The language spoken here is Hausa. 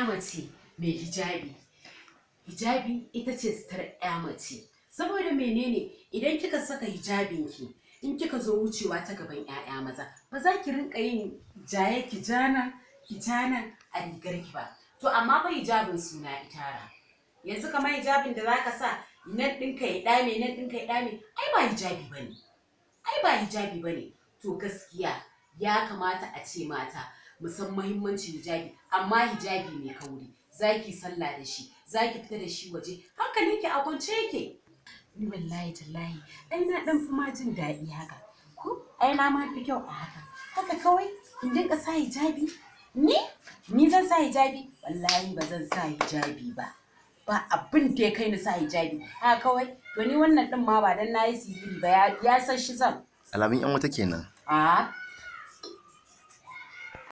Ƴamace mai hijabi hijabi ita ce sitar ya mace saboda menene idan kika saka hijabin ki in kika zo wucewa ta gaban ƴaƴa maza ba za ki rinka yin jaye ki jana ki jana a rigarki ba to amma fa hijabin suna itara yanzu kamar hijabin da zaka sa nan ɗinka ya ɗame nan ɗinka ya ɗame ai ba hijabi bane ai ba hijabi bane to gaskiya ya kamata a ce mata musan muhimmancin hijabi amma hijabi mai kauri zaki sallah da shi zaki fita da shi waje hankalinki a kwance yake wallahi tallahi ai na dan fi ma jin daɗi haka ko ai na ma fi kyau a haka haka kawai in dinka sa hijabi ni ni zan sa hijabi wallahi ba zan sa hijabi ba ba abin da ya kai ni sa hijabi haka kawai to ni wannan din ma ba dan nayi siriri ba ya san shi zan alamin yan wata kenan a ah?